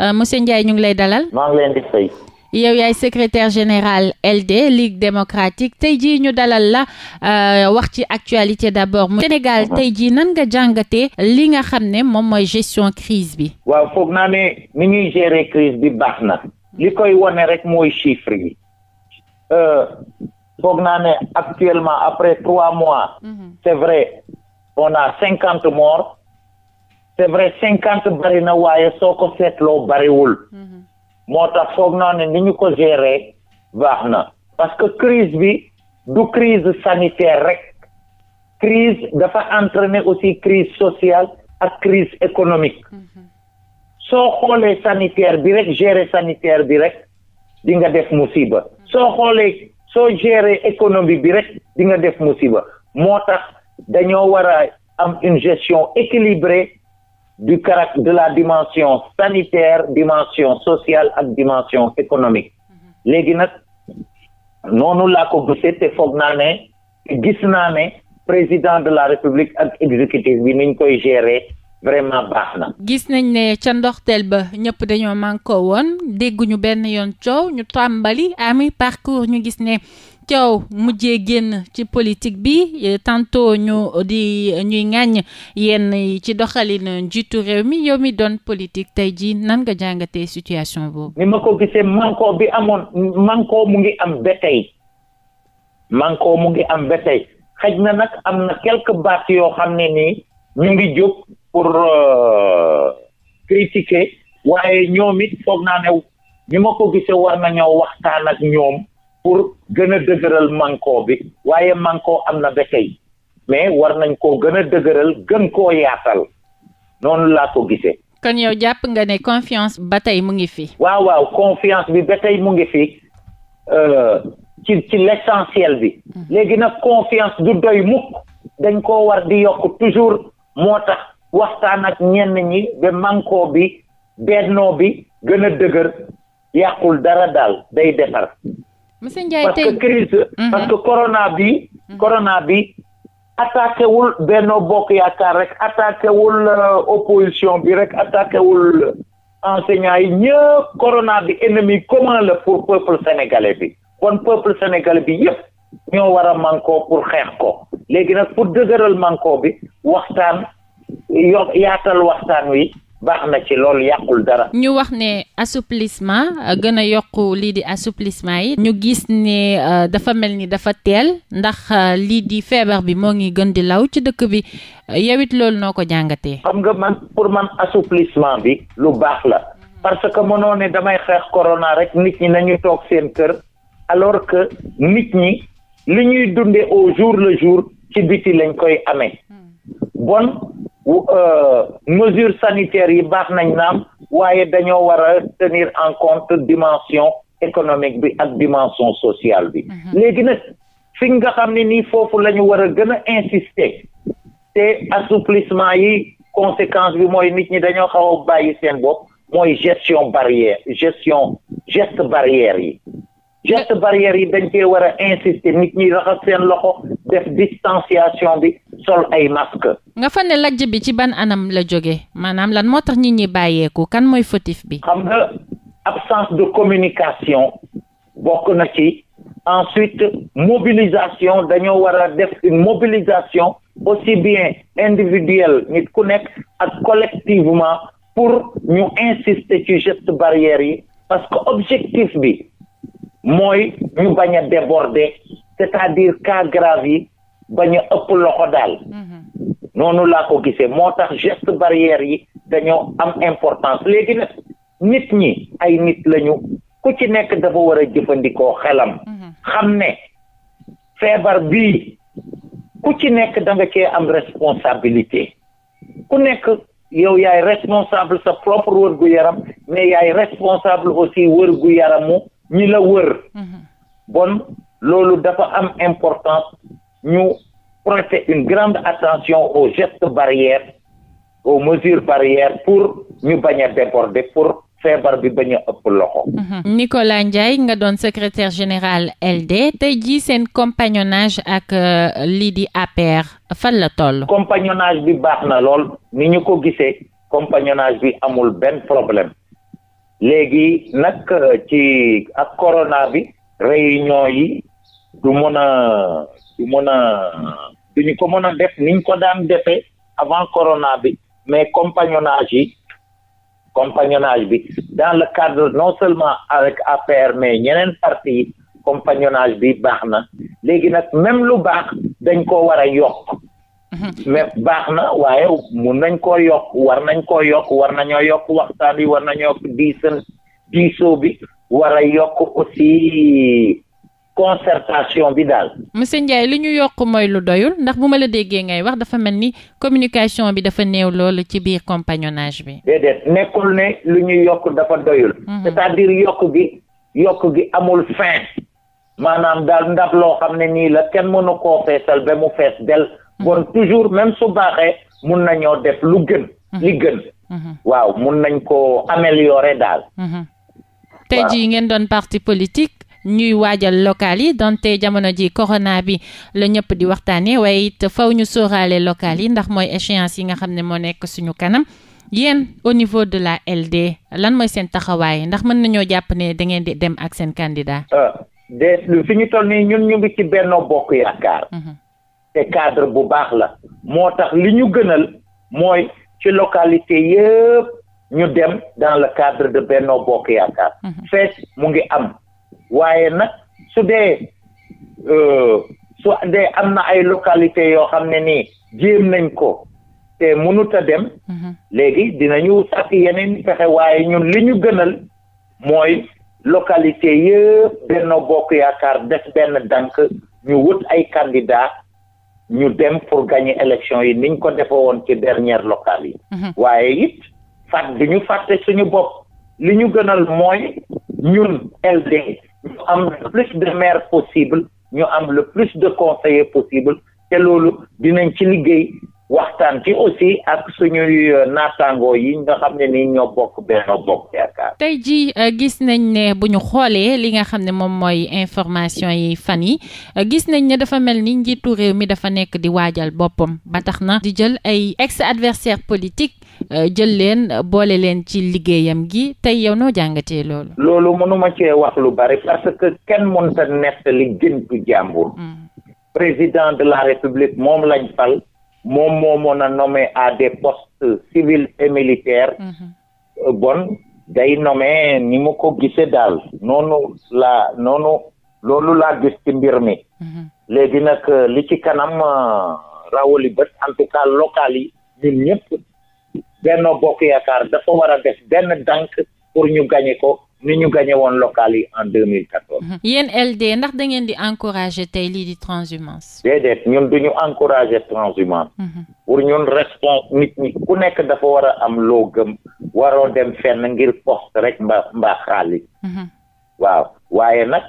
Euh, monsieur Ndiaye ñu ngi lay dalal. maa yow yaay secretaire général LD Ligue démocratique tey jii ñu dalal la euh, wax ci actualité d'abord mu Sénégal mhm. tey jii nan nga jàngatee li nga xam ne moom mooy gestion crise bi. waaw foog naa ne ni ñuy gérer crise bi baax na. li koy wone rek mooy chiffre yi. Euh, foog naa ne actuellement après trois mois. Mhm. c'est vrai on a cinquante morts. c'est vrai cinquante bari na waaye soo ko seetloo bariwul mhm. moo tax foog naa ne ni ñu ko gérer baax na parce que crise bi du crise sanitaire rek crise dafa entraîner aussi crise sociale ak crise économique mhm. soo xoolee sanitaire bi rek gérer sanitaire bi rek di nga def musiba soo xoolee soo gérer économie bi rek di nga def musiba moo tax dañoo war a am une gestion équilibrée du caractère de la dimension sanitaire dimension sociale ak dimension économique mm-hmm. léegi nag noonu laa ko gisee te foog naa ne gis naa ne président de la république ak exécutif bi niñ koy gérer vraiment baax na. gis nañ ne ca ndoxteel ba ñëpp dañoo mànkoo woon dégguñu benn yoon coow ñu tàmbali ami parcours ñu gis ne. Thiaw mujjee génn ci politique bi eh, tantôt ñu di ñuy ŋàññ yenn ci doxalin njiitu réew mi yow mi doon politique tey jii nan nga jàngatee situation boobu. ni ma ko gisee manko bi amoon manko mu ngi am ba tey manko mu ngi am ba xaj na nag am na quelques baat yoo xam ne nii ñu ngi jóg pour euh, critiquer waaye ñoom it foog naa ne ni ma ko gisee war nañoo waxtaan ak ñoom. pour gën a dëgëral manko bi waaye manko am na ba tey mais war nañ koo gën a dëgëral gën koo yaatal noonu laa ko gisee. kon yow jàpp nga ne confiance ba tey mu ngi fi. waaw waaw bi ba tey mu ngi fi. Euh, ci ci l'essentiel bi hmm. léegi nag confiance du doy mukk dañ koo war di yokk toujours moo tax waxtaan ak ñenn ñi ba manko bi bennoo bi gën a dëgër yàqul dara daal day defar monsieur parce que crise mhm. parce que corona bi. Mhm. corona bi attaqué wul Benno Bokk Yaakaar rek attaqué wul euh, opposition bi rek attaqué wul enseignants yi ñëpp corona bi ennemi commun la pour peuple sénégalais bi kon peuple sénégalais bi yëpp ñoo war a mànkoo pour xeex ko léegi nag pour dëgëral mànkoo bi waxtaan yaatal waxtaan wi baax na ci loolu yàqul dara. ñu wax ne assouplissement euh, gën a yokk lii di assouplissement yi. ñu gis ne euh, dafa mel ni dafa teel ndax euh, lii di feebar bi moo ngi gën di law ci dëkk bi yow it loolu noo ko jàngatee. xam nga man pour man assouplissement bi lu baax la. parce que mënoo ne damay xeex corona rek nit ñi nañu toog seen kër alors que nit ñi li ñuy dunde au jour le jour ci biti lañ koy amee hmm. bon Euh, mesures sanitaires yi baax nañ naam waaye dañoo war a tenir en compte dimension économique bi ak dimension sociale bi mhm. léegi nag fi nga xam ne nii foofu la ñu war a gën a insister te assouplissement yi conséquence bi mooy nit ñi dañoo xaw a bàyyi seen bopp mooy gestion barrière gestion geste barrière yi geste barrière yi dañ cee war a insister nit ñi raxas seen loxo def distanciation bi sol ay masque nga fa ne lajj bi ci ban anam la jóge maanaam lan moo tax nit ñi bàyyeeku kan mooy fautif bi. xam nga absence de communication bokk na ci ensuite mobilisation dañoo war a def une mobilisation aussi bien individuelle nit ku nekk ak collectivement pour ñu insister ci geste barrière yi parce que objectif bi mooy ñu bañ a déborder c'est-à-dire cas grave yi. bañ a ëpp loxo daal mhm. noonu laa ko gisee moo tax geste barrière yi dañoo am importance léegi nag nit ñi ay nit lañu ku ci nekk dafa war a jëfandikoo xelam mhm. xam ne feebar bi ku ci nekk da nga cee am responsabilité ku nekk yow yaay responsable sa propre wër gu yaram mais yaay responsable aussi wër gu yaramu ñi la wër mhm. bon loolu dafa am importance ñu prêter une grande attention aux gestes barrières aux mesures barrières pour ñu bañ a déborder pour feebar bi bañ ëpp loxo. Mhm. Nicolas Ndiaye nga doon secrétaire général LD tey jii seen compagnonnage ak euh, lii di APR fan la toll. compagnonnage bi baax na lool ni ñu ko gisee compagnonnage bi amul benn problème léegi nag euh, ci ak corona bi réunion yi. du mën a du mën a duñu ko mën a def niñ ko daan defee avant corona bi mais compagnonnage yi compagnonnage bi dans le cadre non seulement avec APR mais ñeneen parti yi compagnonnage bi baax na léegi nag même lu baax dañ ko war a yokk mhm. mais baax na waaye mun nañ ko yokk war nañ koo yokk war nañoo yokk waxtaan yi war nañoo yokk diisan diisoo bi war a yokk aussi concertation bi daal. monsieur Ndiaye li ñu yokk mooy lu doyul ndax bu ma la déggee ngay wax dafa mel ni communication bi dafa néew loolu ci biir compagnonnage bi. déedéet nekkul ne lu ñu yokk dafa doyul. Mhm. c'est-à-dire yokk gi yokk gi amul fin. maanaam daal ndab loo xam ne nii la kenn mënu koo feesal ba mu fees del mhm. bon toujours même su baaxee mun nañoo def lu gën. Mhm. li gën. waaw mun nañ ko améliorer daal. tey jii ngeen doon parti politique. ñuy waajal local yi donte jamono ji corona bi la ñëpp di waxtaanee waaye it faw ñu sóoraale local yi ndax mooy échéance yi nga xam ne moo nekk suñu kanam yéen au niveau de la LD lan mooy seen taxawaay ndax mën nañoo jàpp ne da ngeen di dem ak seen candidat. Ah, des fi ñu toll nii ñun ñu ngi ci Benno Bokk Yaakaar. Mhm. te cadre bu baax la. moo tax li ñu gënal mooy ci localité yëpp ñu dem dans le cadre de Benno Bokk Yaakaar. Mhm. fees mu ngi am. waaye nag su dee euh, su dee am na ay localité yoo xam ne nii jéem nañ ko te mënut dem mhm. léegi dina dinañu sàkk yeneen pexe waaye ñun li ñu gënal mooy localité yëpp Benno Bokk Yaakaar def benn dànk ñu wut ay candidat ñu dem pour gagner élection yi niñ ko defe woon ci dernière local yi mhm. waaye it fàtt du ñu fàtte suñu bopp li ñu gënal mooy ñun LD am le plus de maires possible ñu am le plus de conseillers possible te loolu dinañ ci liggéey waxtaan ci aussi ak suñuy euh, naataangoo yi nga xam ne ni ñoo bokk benn bokk yaakaar. tey jii euh, gis nañ ne bu ñu xoolee li nga xam ne moom mooy information yi fan yi euh, gis nañ ne dafa mel ni njiitu réew mi dafa nekk di waajal boppam ba tax na di jël ay ex adversaire politique Euh, jël leen boole leen ci liggéeyam gi tey yow noo jàngatee loolu. loolu mënuma cee wax lu bari parce que kenn mënta nettali géntu jàmbur. Mm. président de la république moom lañ fal moom moo mën a nommé à des postes civils et militaires. Mm-hmm. Euh, bon day nommé ni mu ko gisee daal noonu la noonu loolu laa gis ci mbir mi. Mm-hmm. léegi nag euh, li ci kanam rawali bët en tout yi ñun ñëpp. Benno Bokk Yaakaar dafa war a def benn dànk pour ñu gañe ko ni ñu gañe woon local yi en 2014. Mhm. yéen LD ndax da ngeen di encourager tey lii di transhumance. déedéet ñun du ñu encourager transhumance. Mhm. pour ñun respons nit ñi ku nekk dafa war a am loo gëm waroo dem fenn ngir poste rek mbaa mbaa xaalis. Mhm. waaw waaye nag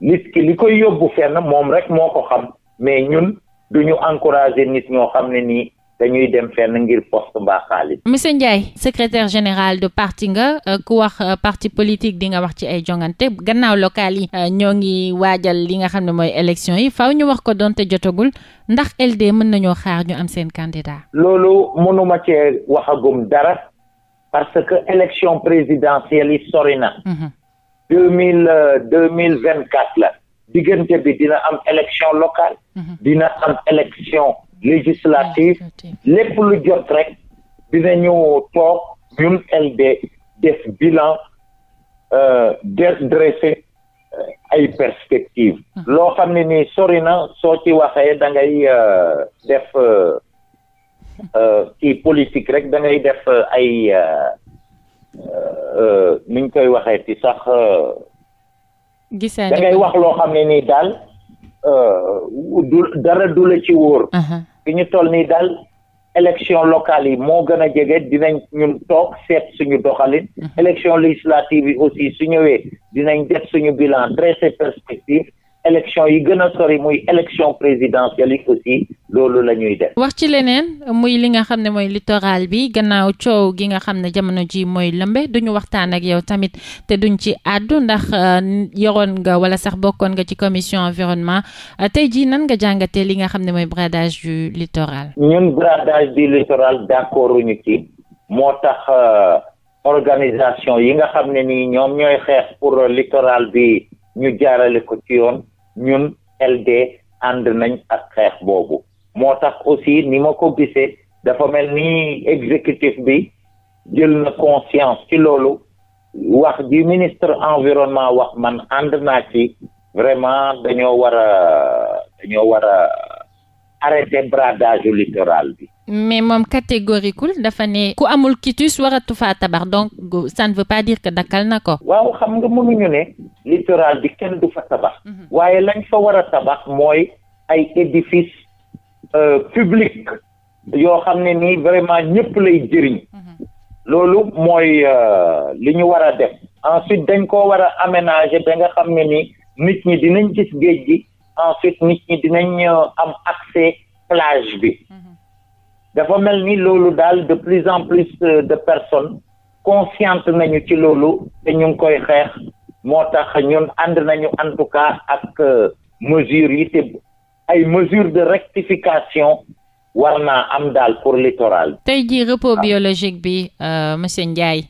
nit ki li koy yóbbu fenn moom rek moo ko xam mais ñun du ñu encourager nit ñoo xam ne nii. dañuy dem fenn ngir poste mbaa xaalis. monsieur Ndiaye secretaire général de parti nga euh, ku wax euh, parti politique di nga wax ci ay jongante gannaaw local yi euh, ñoo ngi waajal li nga xam ne mooy élection yi faw ñu wax ko donte jotagul ndax LD mën nañoo xaar ñu am seen candidat. loolu mënuma cee waxagum dara parce que élection présidentielle yi sori na. Mhm. deux mille la diggante bi dina am élection locale. Mhm. dina am élection. législative ah, lépp lu jot rek dina ñëw toog ñun LD def bilan euh, dresser euh, ay perspective ah. loo xam ne nii sori na soo ci waxee dangay euh, def ci politique rek dangay def ay nuñ koy waxee ci sax da wax loo xam ne nii daal du dara du la ci wóor fi ñu toll nii daal élection locale yi moo gën a jege dinañ ñun toog seet suñu doxalin mhm. élection législative yi aussi su ñëwee dinañ def suñu bilan dresser perspective élection yi gën a sori muy élection présidentielle yi aussi loolu la ñuy def. wax ci leneen muy li nga xam ne mooy littoral bi gannaaw coow gi nga xam ne jamono ji mooy lëmbe duñu waxtaan ak yow tamit te duñ ci àddu ndax euh, yoroon nga wala sax bokkoon nga ci commission environnement euh, tey jii nan nga jàngatee li nga xam ne mooy bradage du littoral. ñun bradage du littoral d'accord ñu ci moo tax euh, organisation yi nga xam ne nii ñoom ñooy xeex pour littoral bi. ñu jaarale ñun LD ànd nañ ak xeex boobu moo tax aussi ni ma ko gisee dafa mel ni exécutif bi jël na conscience ci loolu wax ji ministre environnement wax man ànd naa ci vraiment dañoo war a dañoo war a arrêter bradage littoral bi mais moom catégorikul dafa ne ku amul quitus waratu faa tabax donc ça ne veut pas dire que dakkal na ko. waaw xam nga ñu ne littoral bi kenn du fa tabax. Mhm. waaye lañ fa war a tabax mooy ay édifice euh, public yoo xam ne nii vraiment ñëpp lay jëriñ. Mhm. loolu mooy euh, li ñu war a def. ensuite dañ ko war a aménager ba nga xam ne ni nit ñi dinañ gis géej gi ensuite nit ñi dinañ euh, am accès plage bi. dafa mel ni loolu daal de plus en plus euh, de personnes consciente nañu ci loolu te ñu ngi koy xeex moo tax ñun ànd nañu en tout cas ak euh, mesures yi te ay mesures de rectification war naa am daal pour littoral bi. tey jii repos biologique bi euh, monsieur Ndiaye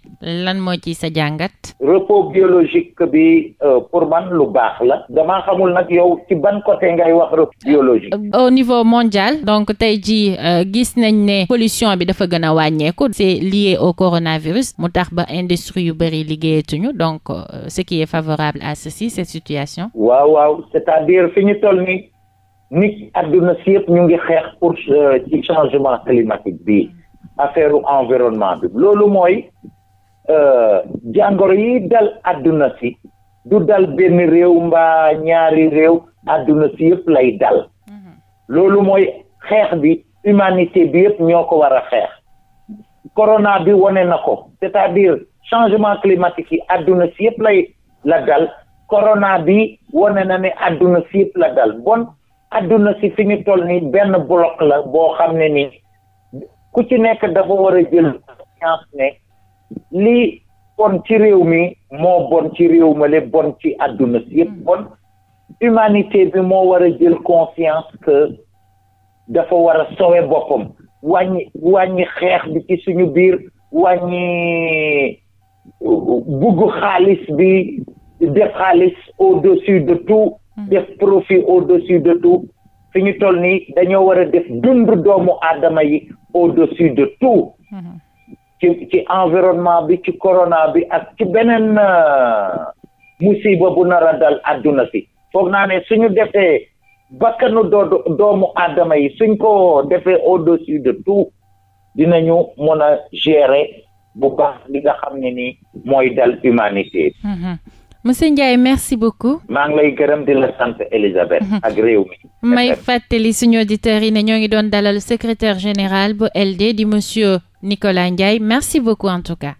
lan moo ci sa jàngat. repos biologique bi euh, pour man lu baax la. damaa xamul nag yow ci ban côté ngay wax repos biologique. au niveau mondial. donc tey jii euh, gis nañ ne. pollution bi dafa gën a wàññeeku. c'est lié au coronavirus. mu tax ba industrie yu bëri liggéeyatuñu donc ce qui est favorable à ceci cette situation. waaw waaw c'est-à-dire fi ñu toll nii nit àdduna si yëpp ñu ngi xeex pour euh, ci changement climatique bi affaire environnement bi loolu mooy euh, jàngoro yi dal adduna si du dal benn réew mbaa ñaari réew àdduna si yëpp lay dal mm-hmm. loolu mooy xeex bi humanité bi yëpp ñoo ko war a xeex corona bi wone na ko c'est-à-dire changement climatique yi àdduna si yëpp lay la dal corona bi wone na ne àdduna si yëpp la dal bon adduna si fi ñu toll nii benn bloc la boo xam ne nii ku ci nekk dafa war a jël conscience ne lii bon ci réew mi moo bon ci réew ma le bon ci àdduna si yëpp mm. bon humanité bi moo war a jël conscience que dafa war a sowe boppam wàññi wàññi xeex bi ci suñu biir wàññi bugg xaalis bi def xaalis au-dessus de tout Mm. def profit au-dessus de de tout fi ñu toll nii dañoo war a def dund doomu adama yi au-dessus de tout mm-hmm. ci ci environnement bi ci corona bi ak ci beneen euh, musiba bu nara dal àdduna si foog naa ne suñu defee bakkanu doo doomu aadama yi suñ ko defee au-dessus de tout dinañu mën a gérer bu baax li nga xam ne nii mooy dal humanité monsieur Ndiaye merci beaucoup. maa ngi lay gërëm di la sant Elisabeth. Mhm. ak réew mi. may fàttali suñu auditeurs yi ne ñoo ngi doon dalal secrétaire général bu LD di monsieur Nicolas Ndiaye merci beaucoup en tout cas.